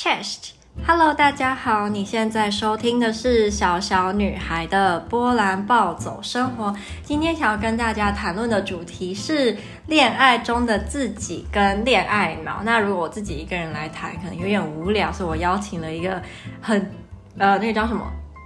Chest，Hello，大家好，你現在收聽的是小小女孩的波蘭暴走生活。今天想要跟大家談論的主題是戀愛中的自己跟戀愛腦。那如果我自己一個人來談，可能有點無聊，所以我邀請了一個很，呃，那個叫什麼？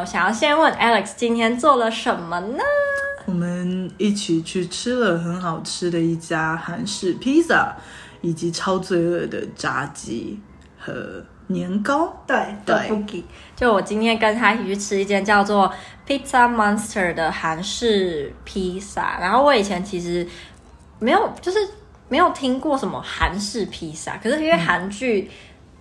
我想要先問 Alex 今天做了什麼呢？我們一起去吃了很好吃的一家韓式披薩，以及超罪惡的炸雞和年糕。對對，對對，就我今天跟他一起去吃一間叫做 Pizza Monster 的韓式披薩。然後我以前其實沒有，就是沒有聽過什麼韓式披薩，可是因為韓劇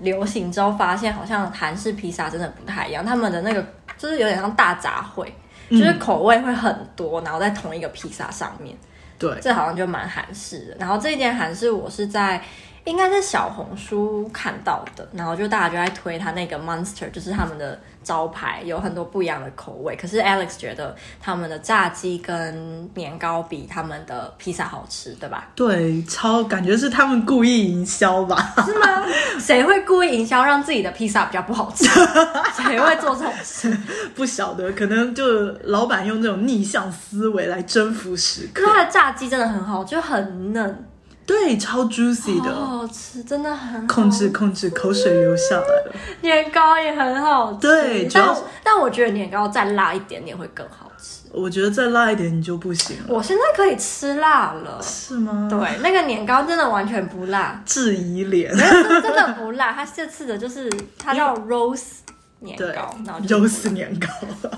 流行之後，發現好像韓式披薩真的不太一樣，他們的那個。就是有點像大雜燴，就是口味會很多，嗯，然後在同一個披薩上面。對，這好像就蠻韓式的。然後這件韓式我是在。應該是小紅書看到的，然後就大家就在推他那個 monster，就是他們的招牌，有很多不一樣的口味。可是 Alex 覺得他們的炸雞跟年糕比他們的披薩好吃，對吧？對，超感覺是他們故意營銷吧？是嗎？誰會故意營銷讓自己的披薩比較不好吃？ 誰會做這種事？不曉得，可能就老闆用這種逆向思維來征服食客。可是他的炸雞真的很好，就很嫩。對，超 juicy 的，好，好吃，真的很控制，控制口水流下來了。 年糕也很好吃，對，主但，但我覺得年糕再辣一點點會更好吃。我覺得再辣一點你就不行了。我現在可以吃辣了，是嗎？對，那個年糕真的完全不辣，質疑臉， 就是、真的不辣。它這次的就是它叫 rose。嗯年糕，然後就是年糕，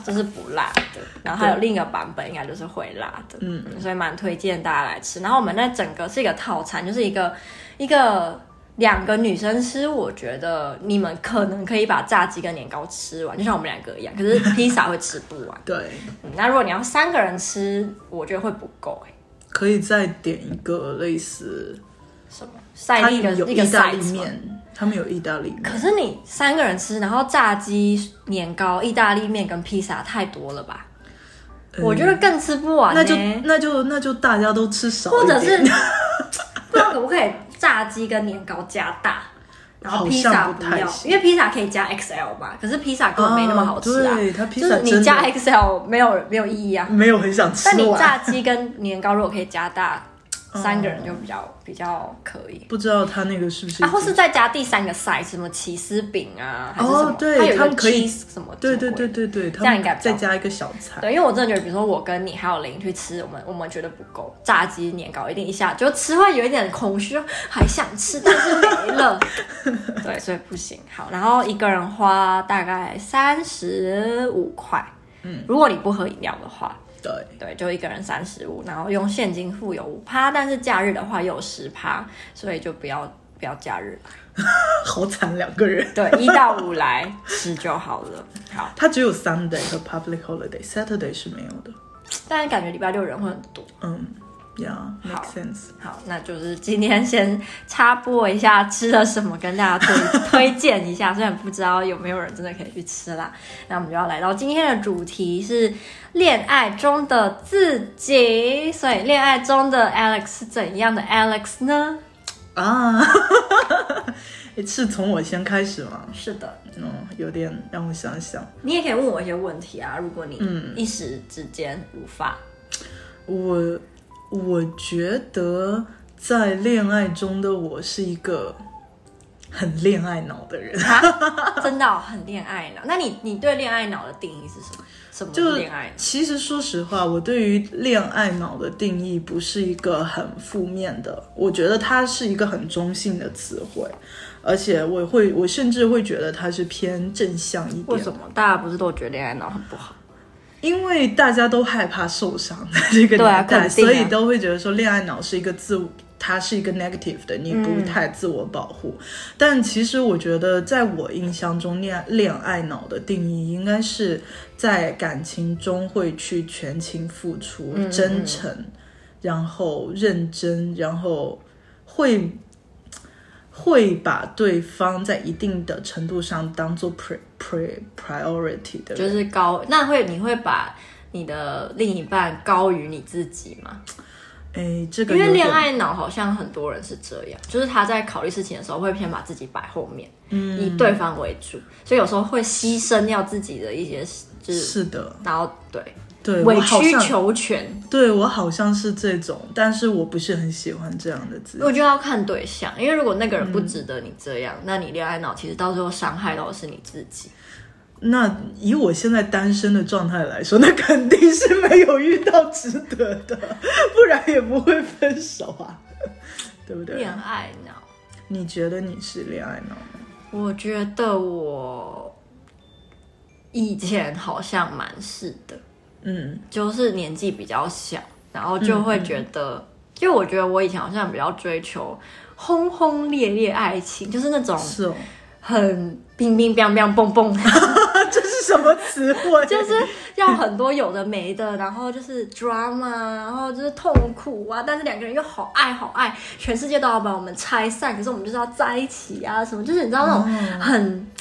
這對是不辣的。對然後還有另一個版本，應該就是會辣的。對嗯，所以蠻推薦大家來吃。然後我們那整個是一個套餐，就是一個一個兩個女生吃，我覺得你們可能可以把炸雞跟年糕吃完，就像我們兩個一樣。可是披薩會吃不完。對，嗯，那如果你要三個人吃，我覺得會不夠哎。可以再點一個類似什麼義大利的那個義大利麵一個。他們有意大利麵，可是你三個人吃，然後炸雞、年糕、意大利麵跟披薩太多了吧？嗯，我覺得更吃不完欸。那那就那就那就大家都吃少，或者是 不知道可不可以炸雞跟年糕加大，然後披薩不，不要，因為披薩可以加 XL 吧？可是披薩根本沒那麼好吃啊！啊對他披薩就是你加 XL 的沒有沒有意義啊！沒有很想吃。但你炸雞跟年糕如果可以加大。三個人就比較、嗯、比較可以，不知道他那個是不是？啊，或是再加第三個 size，什麼起司餅啊，還是什麼？哦、對，還有他有 cheese 什麼？對對對對對，這樣應該再加一個小菜。對，因為我真的覺得，比如說我跟你還有林去吃，我們我們覺得不夠，炸雞年糕一定一下就吃會有一點空虛，還想吃，但是沒了。 對，所以不行。好，然後一個人花大概三十五塊，嗯，如果你不喝飲料的話。對,對，就一個人三十五，然後用現金付有五趴，但是假日的話又有十趴，所以就不要不要假日了， 好慘兩個人。對，一到五來吃 就好了。好，它只有 Sunday 和 Public Holiday，Saturday 是沒有的。但是感覺禮拜六人會很多。嗯。嗯比較，yeah, make sense, 好，好，那就是今天先插播一下吃了什麼，跟大家推推薦一下， 雖然不知道有沒有人真的可以去吃啦。那我們就要來到今天的主題是戀愛中的自己，所以戀愛中的 Alex 是怎樣的 Alex 呢？啊，ah, 是從我先開始嗎？是的，嗯，no, 有點讓我想想。你也可以問我一些問題啊，如果你一時之間無法，嗯、我。我覺得在戀愛中的我是一個很戀愛腦的人， 啊、真的、哦，很戀愛腦。那你你對戀愛腦的定義是什麼？什麼是戀愛？就其實說實話，我對於戀愛腦的定義不是一個很負面的，我覺得它是一個很中性的詞彙，而且我會，我甚至會覺得它是偏正向一點。為什麼？大家不是都覺得戀愛腦很不好？因為大家都害怕受傷在這個年代，對啊、所以都會覺得說戀愛腦是一個自，它是一個 negative 的，你不太自我保護。嗯、但其實我覺得，在我印象中，戀戀愛腦的定義應該是在感情中會去全情付出、嗯、真誠，然後認真，然後會。會把對方在一定的程度上當做 pre pre priority 的，就是高，那會你會把你的另一半高於你自己嗎？哎，這個因為戀愛腦好像很多人是這樣，就是他在考慮事情的時候會偏把自己擺後面，嗯，以對方為主，所以有時候會犧牲掉自己的一些，就是是的，然後對。對，委曲求全，對我好像是這種，但是我不是很喜歡這樣的自己。我就要看對象，因為如果那個人不值得你這樣，嗯，那你戀愛腦其實到最後傷害到的是你自己。那以我現在單身的狀態來說，那肯定是沒有遇到值得的，不然也不會分手啊，對不對？戀愛腦？你覺得你是戀愛腦嗎？我覺得我以前好像蠻是的。嗯，就是年紀比較小，然後就會覺得，嗯嗯就我覺得我以前好像比較追求轟轟烈烈愛情，就是那種，是很冰冰冰冰，叮叮叮叮蹦蹦，蹦，這 是什麼詞彙？就是要很多有的沒的，然後就是 drama，然後就是痛苦啊，但是兩個人又好愛好愛，全世界都要把我們拆散，可是我們就是要在一起啊，什麼？就是你知道那種很。哦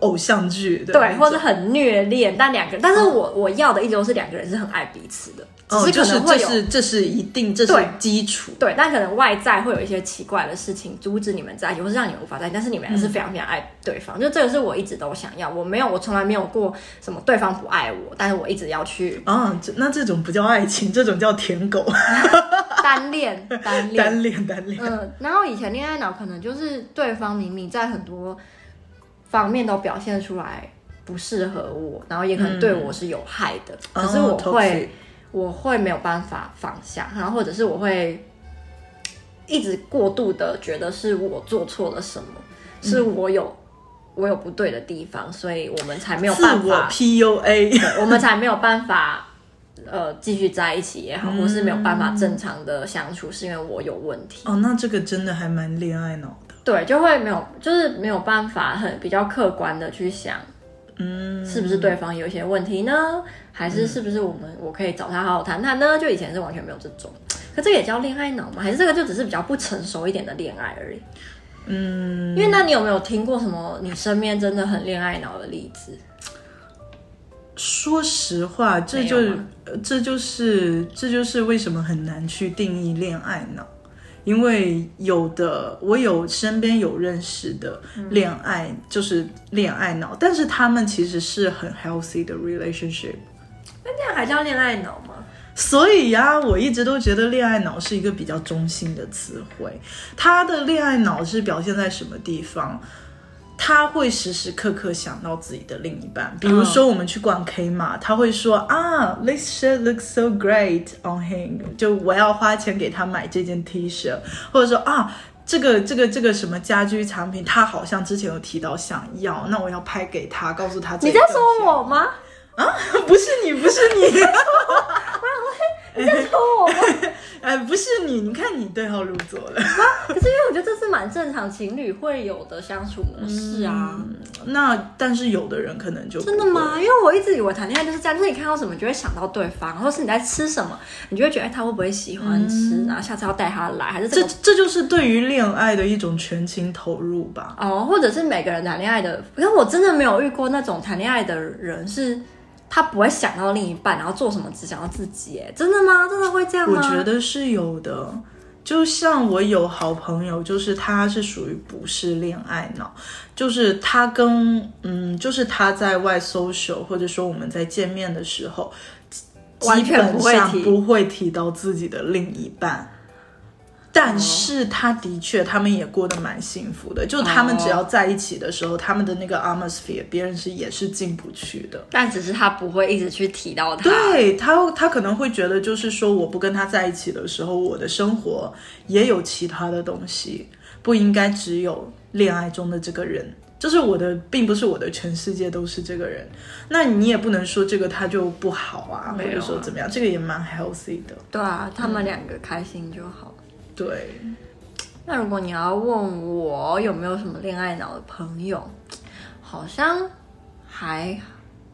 偶像劇對，或者很虐戀，但兩個，但是我我要的一直都是兩個人是很愛彼此的，只是可能會有，這是一定，這是基礎，對。但可能外在會有一些奇怪的事情阻止你們在一起，或是讓你們無法在一起，但是你們還是非常非常愛對方，就這個是我一直都想要。我沒有，我從來沒有過什麼對方不愛我，但是我一直要去啊。那這種不叫愛情，這種叫舔狗，單戀，單戀，單戀，單戀。嗯，然後以前戀愛腦可能就是對方明明在很多。方面都表現出來不適合我，然後也可能對我是有害的。嗯、可是我會，哦、我會沒有辦法放下，然後或者是我會一直過度的覺得是我做錯了什麼，是我有、嗯、我有不對的地方，所以我們才沒有辦法我 PUA， 嗯、我們才沒有辦法呃繼續在一起也好，嗯、或者是沒有辦法正常的相處，是因為我有問題。哦，那這個真的還蠻戀愛腦、哦。對，就會沒有，就是沒有辦法很比較客觀的去想，嗯，是不是對方有一些問題呢？還是是不是我們、嗯、我可以找他好好談談呢？就以前是完全沒有這種，可這也叫戀愛腦嗎？還是這個就只是比較不成熟一點的戀愛而已？嗯，因為那你有沒有聽過什麼你身邊真的很戀愛腦的例子？說實話，這就，這就是，這就是為什麼很難去定義戀愛腦。因為有的我有身邊有認識的戀愛，嗯、就是戀愛腦，但是他們其實是很 healthy 的 relationship。那這樣還叫戀愛腦嗎？所以呀、啊，我一直都覺得戀愛腦是一個比較中性的詞彙。他的戀愛腦是表現在什麼地方？他會時時刻刻想到自己的另一半，比如說我們去逛 Kmart 嘛，uh. 他會說啊，this shirt looks so great on him，就我要花錢給他買這件 T 恤，或者說啊，這個這個這個什麼家居產品，他好像之前有提到想要，那我要拍給他，告訴他這個。你在說我嗎？啊，不是你，不是你。 你在說我嗎？哎、欸，不是你，你看你對號入座了。啊、可是因為我覺得這是蠻正常情侶會有的相處模式啊。嗯、啊那但是有的人可能就真的嗎？因為我一直以為談戀愛就是這樣，就是你看到什麼就會想到對方，或是你在吃什麼，你就會覺得哎、欸，他會不會喜歡吃呢？嗯、然後下次要帶他來還是、這個、這？這就是對於戀愛的一種全情投入吧。哦，或者是每個人談戀愛的，因為我真的沒有遇過那種談戀愛的人是。他不會想到另一半，然後做什麼只想到自己，哎，真的嗎？真的會這樣嗎？我覺得是有的，就像我有好朋友，就是他是屬於不是戀愛腦，就是他跟嗯，就是他在外 social 或者說我們在見面的時候，基本上不會提到自己的另一半。但是他的確，他們也過得蠻幸福的。Oh. 就是他們只要在一起的時候，oh. 他們的那個 atmosphere，別人是也是進不去的。但只是他不會一直去提到他。對，他，他可能會覺得，就是說，我不跟他在一起的時候，我的生活也有其他的東西，不應該只有戀愛中的這個人。就是我的，並不是我的全世界都是這個人。那你也不能說這個他就不好啊，啊或者說怎麼樣，這個也蠻 healthy 的。對啊，他們兩個開心就好。對，那如果你要問我有沒有什麼戀愛腦的朋友，好像還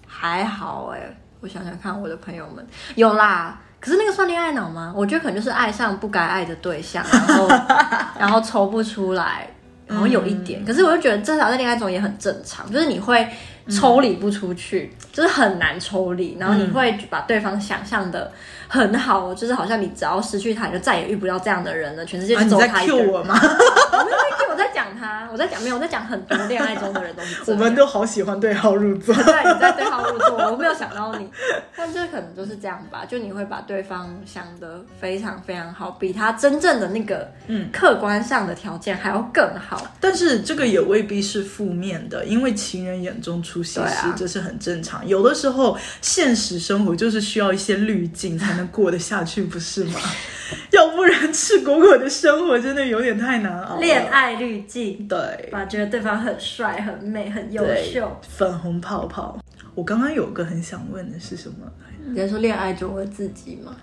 還好哎，我想想看，我的朋友們有啦，可是那個算戀愛腦嗎？我覺得可能就是愛上不該愛的對象，然後 然後抽不出來，然後有一點，嗯、可是我就覺得正常在戀愛中也很正常，就是你會抽離不出去，嗯、就是很難抽離，然後你會把對方想象的。很好，就是好像你只要失去他，你就再也遇不到這樣的人了。全世界就只有他一個人。啊你在 cue 我嗎？ 他，我在講，沒有，我在講很多戀愛中的人都是 我們都好喜歡對號入座，啊、對，你在對號入座，我沒有想到你，但這可能就是這樣吧，就你會把對方想得非常非常好，比他真正的那個嗯，客觀上的條件還要更好。嗯、但是這個也未必是負面的，因為情人眼中出西施，啊、這是很正常。有的時候現實生活就是需要一些濾鏡才能過得下去，不是嗎？ 要不然赤果果的生活真的有點太難熬。戀愛濾鏡。對，把、啊、覺得對方很帥、很美、很優秀。粉紅泡泡，我剛剛有個很想問的是什麼？你在、嗯、說戀愛中的自己嗎？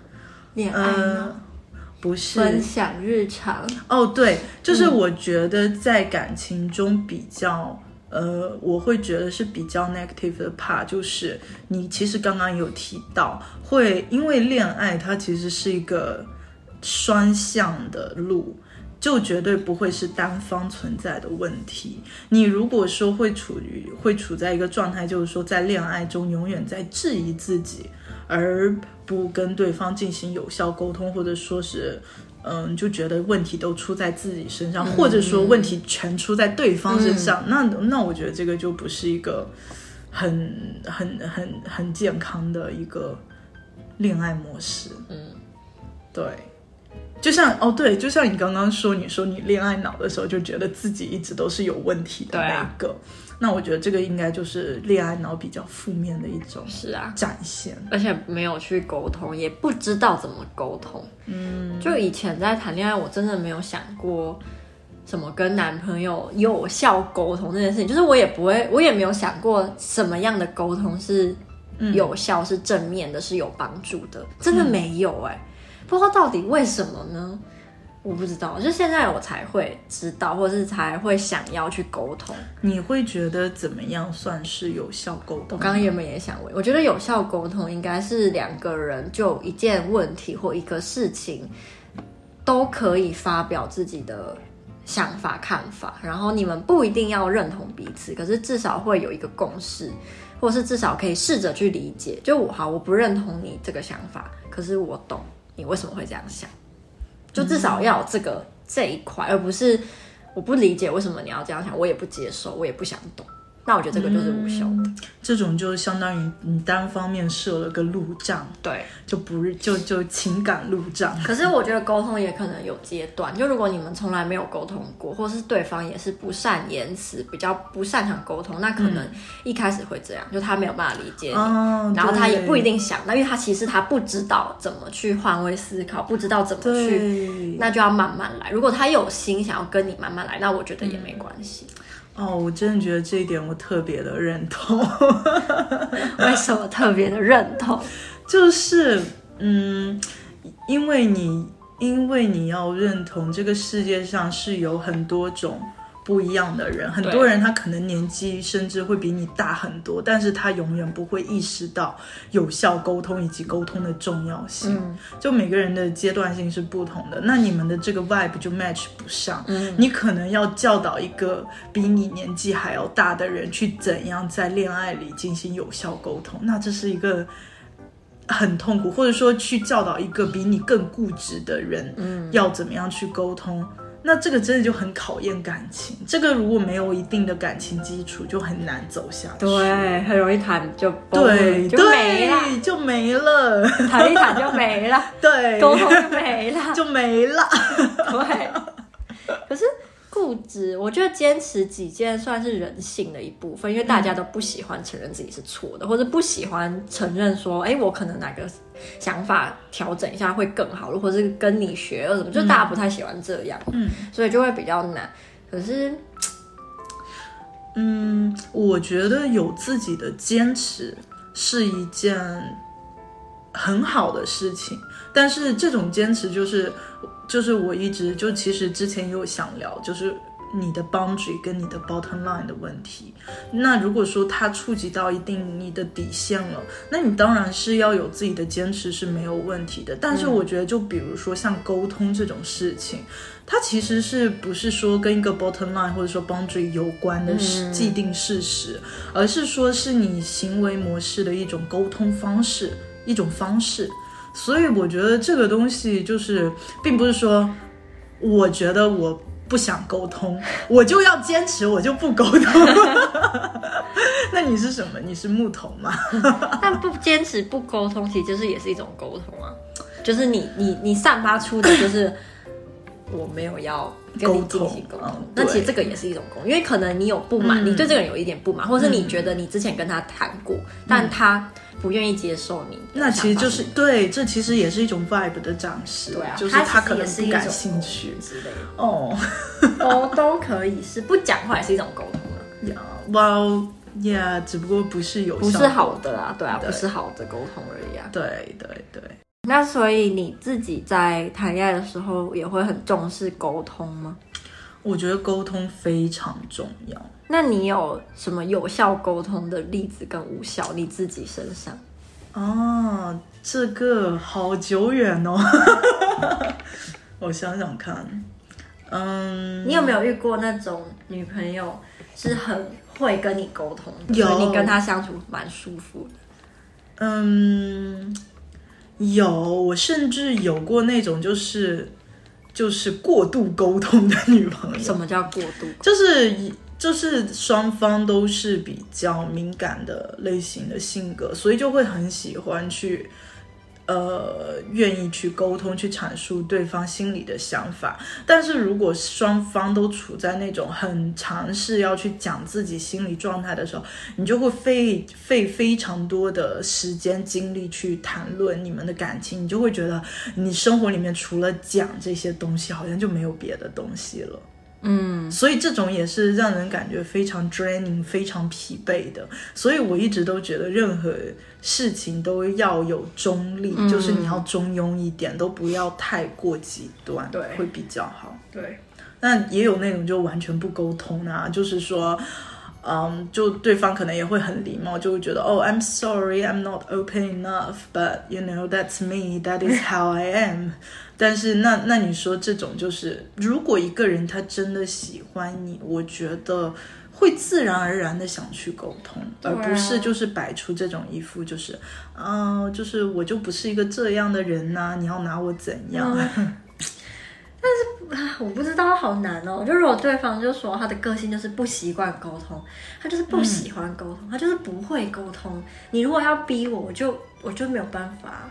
戀愛呢、呃、不是，分享日常。哦，對，就是我覺得在感情中比較，嗯、呃，我會覺得是比較 negative 的 part，就是你其實剛剛有提到，會因為戀愛它其實是一個雙向的路。就絕對不會是單方存在的問題。你如果說，會處於、會處在一個狀態，就是說在戀愛中永遠在質疑自己，而不跟對方進行有效溝通，或者說是，嗯，就覺得問題都出在自己身上，嗯、或者說問題全出在對方身上，嗯、那那我覺得這個就不是一個很很很很健康的一個戀愛模式。嗯，對。就像哦，對，就像你剛剛說，你說你戀愛腦的時候，就覺得自己一直都是有問題的那一個。啊、那我覺得這個應該就是戀愛腦比較負面的一種，是啊，展現，而且沒有去溝通，也不知道怎麼溝通。嗯，就以前在談戀愛，我真的沒有想過什麼跟男朋友有效溝通這件事情，就是我也不會，我也沒有想過什麼樣的溝通是有效、嗯、是正面的、是有幫助的，真的沒有哎、欸。嗯不知道到底為什麼呢？我不知道，就現在我才會知道，或是才會想要去溝通。你會覺得怎麼樣算是有效溝通？我剛剛原本也想問，我覺得有效溝通應該是兩個人就一件問題或一個事情，都可以發表自己的想法、看法，然後你們不一定要認同彼此，可是至少會有一個共識，或是至少可以試着去理解。就我好，我不認同你這個想法，可是我懂。你為什麼會這樣想？就至少要有這個、嗯、這一塊，而不是我不理解為什麼你要這樣想，我也不接受，我也不想懂。那我覺得這個就是無效的、嗯，這種就相當於你單方面設了個路障，對，就不是就就情感路障。可是我覺得溝通也可能有階段，就如果你們從來沒有溝通過，或是對方也是不善言辭，比較不擅長溝通，那可能一開始會這樣，嗯、就他沒有辦法理解你，哦、然後他也不一定想那，因為他其實他不知道怎麼去換位思考，不知道怎麼去，對那就要慢慢來。如果他有心想要跟你慢慢來，那我覺得也沒關係。嗯哦，我真的覺得這一點我特別的認同。 為什麼特別的認同？就是，嗯，因為你，因為你要認同這個世界上是有很多種。不一樣的人，很多人他可能年紀甚至會比你大很多，對但是他永遠不會意識到有效溝通以及溝通的重要性。嗯、就每個人的階段性是不同的，那你們的這個 vibe 就 match 不上。嗯、你可能要教導一個比你年紀還要大的人，去怎樣在戀愛裡進行有效溝通，那這是一個很痛苦，或者說去教導一個比你更固執的人，要怎麼樣去溝通。嗯嗯那這個真的就很考驗感情，這個如果沒有一定的感情基礎，就很難走下去。對，很容易談就不對，就沒了，對對就沒了，談一談就沒了，對，溝通沒了，就沒了，對，對，可是。我覺得堅持己見算是人性的一部分，因為大家都不喜歡承認自己是錯的，嗯、或者不喜歡承認說，哎、欸，我可能哪個想法調整一下會更好，或者是跟你學，或者什麼，就大家不太喜歡這樣，嗯，所以就會比較難。可是，嗯，我覺得有自己的堅持是一件很好的事情，但是這種堅持就是。就是我一直就其實之前也有想聊，就是你的 boundary 跟你的 bottom line 的問題。那如果說它觸及到一定你的底線了，那你當然是要有自己的堅持是沒有問題的。但是我覺得，就比如說像溝通這種事情，它其實是不是說跟一個 bottom line 或者說 boundary 有關的事既定事實，嗯、而是說是你行為模式的一種溝通方式，一種方式。所以我覺得這個東西就是，並不是說，我覺得我不想溝通，我就要堅持，我就不溝通。 那你是什麼？你是木頭嗎？ 但不堅持不溝通，其實就是也是一種溝通啊，就是你你你散發出的就是。呃我沒有要跟你進行溝通，那其實這個也是一種溝通，因為可能你有不滿，你對這個人有一點不滿，或者是你覺得你之前跟他談過，但他不願意接受你，那其實就是對，這其實也是一種 vibe 的展示，對啊，就是他可能不感興趣之類的哦，都都可以是不講話也是一種溝通啊。Well, yeah，只不過不是有，不是好的啊，對啊，不是好的溝通而已啊。對對對。那所以你自己在談戀愛的時候也會很重視溝通嗎？我覺得溝通非常重要。那你有什麼有效溝通的例子跟無效你自己身上？哦、啊，這個好久遠哦， 我想想看。嗯，你有沒有遇過那種女朋友是很會跟你溝通，所以、哦、你跟她相處蠻舒服的？嗯。有，我甚至有過那種就是，就是過度溝通的女朋友。什麼叫過度？就是，就是雙方都是比較敏感的類型的性格，所以就會很喜歡去。呃，願意去溝通，去闡述對方心裡的想法。但是如果雙方都處在那種很嘗試要去講自己心理狀態的時候，你就會費費非常多的時間精力去談論你們的感情，你就會覺得你生活裡面除了講這些東西，好像就沒有別的東西了。嗯，mm. 所以這種也是讓人感覺非常 draining，非常疲憊的。所以我一直都覺得，任何事情都要有中立，mm. 就是你要中庸一點，都不要太過極端，對會比較好。對。那也有那種就完全不溝通啊，就是說，嗯、um,，就對方可能也會很禮貌，就會覺得，哦、oh,，I'm sorry, I'm not open enough, but you know that's me, that is how I am。 但是那那你說這種就是，如果一個人他真的喜歡你，我覺得會自然而然的想去溝通，啊、而不是就是擺出這種一副就是，嗯、呃，就是我就不是一個這樣的人吶、啊，你要拿我怎樣？嗯、但是我不知道，好難哦。就是如果對方就說他的個性就是不習慣溝通，他就是不喜歡溝通，嗯、他就是不會溝通，你如果要逼我，我就我就沒有辦法。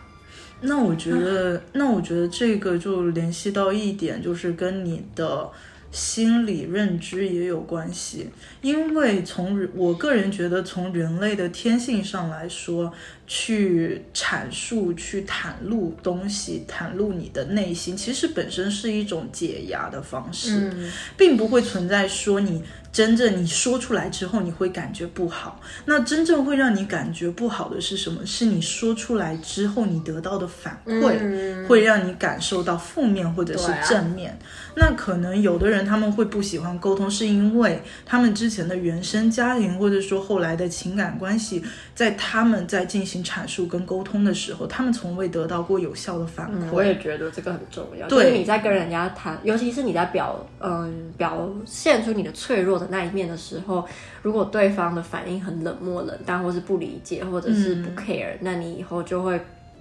那我覺得，嗯、那我覺得這個就聯繫到一點，就是跟你的心理認知也有關係，因為從我個人覺得，從人類的天性上來說，去闡述、去袒露東西、袒露你的內心，其實本身是一種解壓的方式，嗯、並不會存在說你真正你說出來之後你會感覺不好。那真正會讓你感覺不好的是什麼？是你說出來之後你得到的反饋，嗯、會讓你感受到負面或者是正面。那可能有的人他們會不喜歡溝通，是因為他們之前的原生家庭，或者說後來的情感關係，在他們在進行闡述跟溝通的時候，他們從未得到過有效的反饋。我也覺得這個很重要。對，你在跟人家談，尤其是你在表，嗯，呃，表現出你的脆弱的那一面的時候，如果對方的反應很冷漠、冷淡，或是不理解，或者是不 care，嗯，那你以後就會。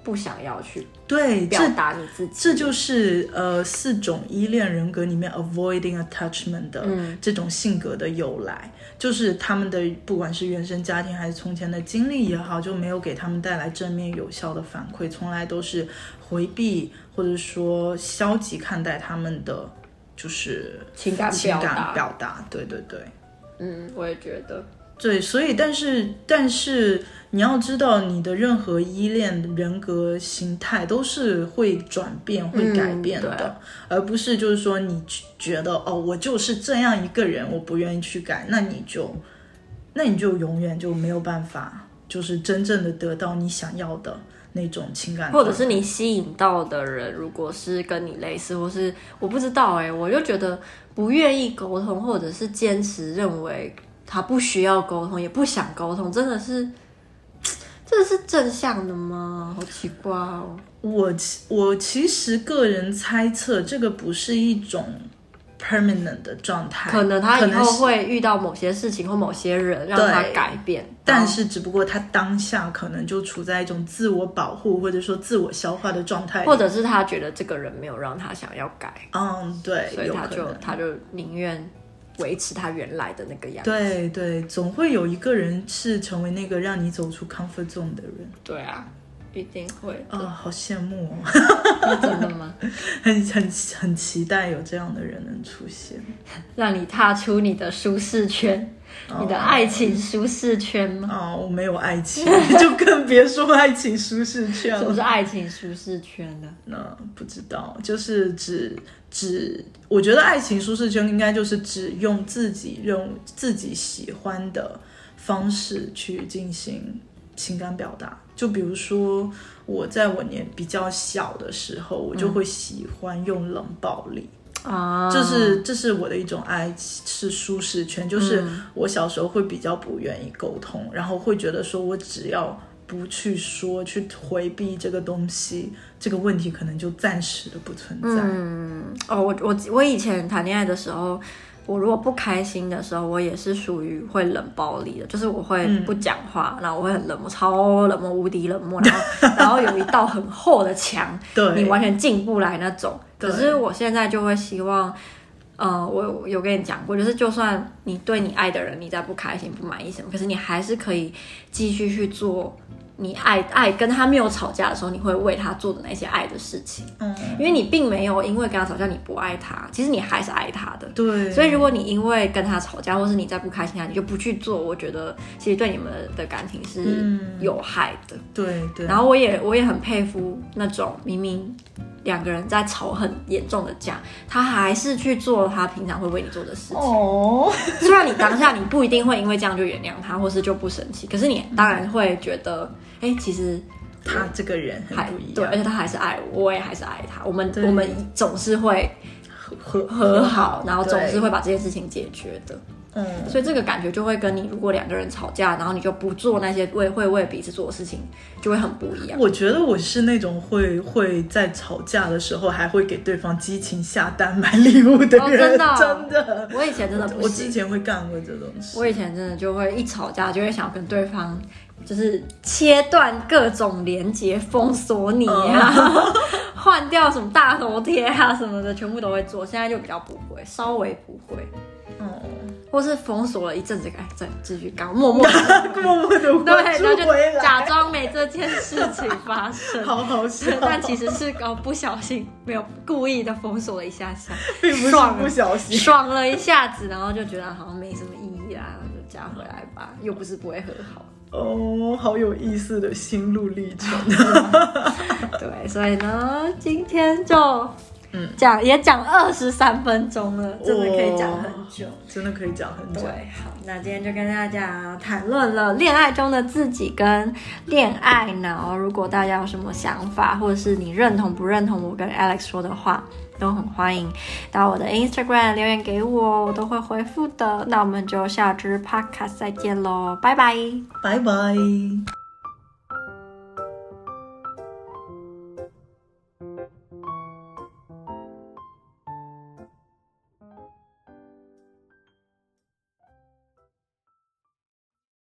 不想要去對這表達你自己，這就是呃四種依戀人格裡面 avoiding attachment 的這種性格的由來，嗯、就是他們的不管是原生家庭還是從前的經歷也好，就沒有給他們帶來正面有效的反饋，從來都是回避或者說消極看待他們的就是情感表達，對對對，嗯，我也覺得對，所以但是但是。但是你要知道，你的任何依戀人格形態都是會轉變、會改變的，嗯、而不是就是說你覺得哦，我就是這樣一個人，我不願意去改，那你就那你就永遠就沒有辦法，就是真正的得到你想要的那種情感，感，或者是你吸引到的人，如果是跟你類似，或是我不知道誒、欸，我就覺得不願意溝通，或者是堅持認為他不需要溝通，也不想溝通，真的是。這是正向的嗎？好奇怪哦。我其我其實個人猜測，這個不是一種 permanent 的狀態，可能他以後會遇到某些事情或某些人讓他改變。對嗯，但是只不過他當下可能就處在一種自我保護或者說自我消化的狀態，或者是他覺得這個人沒有讓他想要改。嗯，對，所以他就他就寧願。維持他原來的那個樣子。對對，總會有一個人是成為那個讓你走出 comfort zone 的人。對啊，一定會啊，哦，好羨慕哦， 你真的嗎？很很很期待有這樣的人能出現，讓你踏出你的舒適圈。你的愛情舒適圈嗎？哦，我沒有愛情，就更別說愛情舒適圈了。什麼 是，是愛情舒適圈呢？那、uh, 不知道，就是只只，我覺得愛情舒適圈應該就是只用自己用自己喜歡的方式去進行情感表達。就比如說，我在我年比較小的時候，嗯、我就會喜歡用冷暴力。啊，uh, 這是這是我的一種愛，是舒適圈。就是我小時候會比較不願意溝通，嗯、然後會覺得說我只要不去說，去迴避這個東西，這個問題可能就暫時的不存在。嗯，哦，我我我以前談戀愛的時候，我如果不開心的時候，我也是屬於會冷暴力的，就是我會不講話，嗯、然後我會很冷漠，超冷漠，無敵冷漠， 然後然後有一道很厚的牆，對你完全進不來那種。對可是我現在就會希望，呃，我有跟你講過，就是就算你對你愛的人，你再不開心、不滿意什麼，可是你還是可以繼續去做你愛愛跟他沒有吵架的時候，你會為他做的那些愛的事情。嗯，因為你並沒有因為跟他吵架你不愛他，其實你還是愛他的。對。所以如果你因為跟他吵架，或是你再不開心啊，你就不去做，我覺得其實對你們的感情是有害的。對、嗯、對。對。然後我也我也很佩服那種明明。咪咪兩個人在吵很嚴重的架，他還是去做他平常會為你做的事情。哦，雖然你當下你不一定會因為這樣就原諒他，或是就不生氣，可是你當然會覺得，哎、嗯欸，其實他這個人還不一樣，對，而且他還是愛我，我也還是愛他。我們對我們總是會和和好，然後總是會把這件事情解決的。所以這個感覺就會跟你如果兩個人吵架，然後你就不做那些為會為彼此做的事情，就會很不一樣。我覺得我是那種會會在吵架的時候還會給對方激情下單買禮物的人，真的，oh, 真的。 真的我以前真的不，不我之前會幹過這種事。我以前真的就會一吵架就會想要跟對方就是切斷各種連接，封鎖你呀，啊，換，oh. 掉什麼大頭貼啊什麼的，全部都會做。現在就比較不會，稍微不會。哦。Oh. 或是封鎖了一陣子，哎，再繼續幹，默默的默的默的，對，那就假裝沒這件事情發生， 好好笑。 但其實是、哦、不小心，沒有故意的封鎖了一下下，並不是不小心，爽，爽了一下子，然後就覺得好像沒什麼意義啦、啊，然後就加回來吧，又不是不會和好。哦，oh, 好有意思的心路歷程 對、啊。對，所以呢，今天就。嗯，講也講二十三分鐘了，真的可以講很久，哦、真的可以講很久。對，好，那今天就跟大家講，談論了戀愛中的自己跟戀愛腦。然後，如果大家有什麼想法，或者是你認同不認同我跟 Alex 說的話，都很歡迎到我的 Instagram 留言給我，我都會回復的。那我們就下支 Podcast 再見嘍，拜拜，拜拜。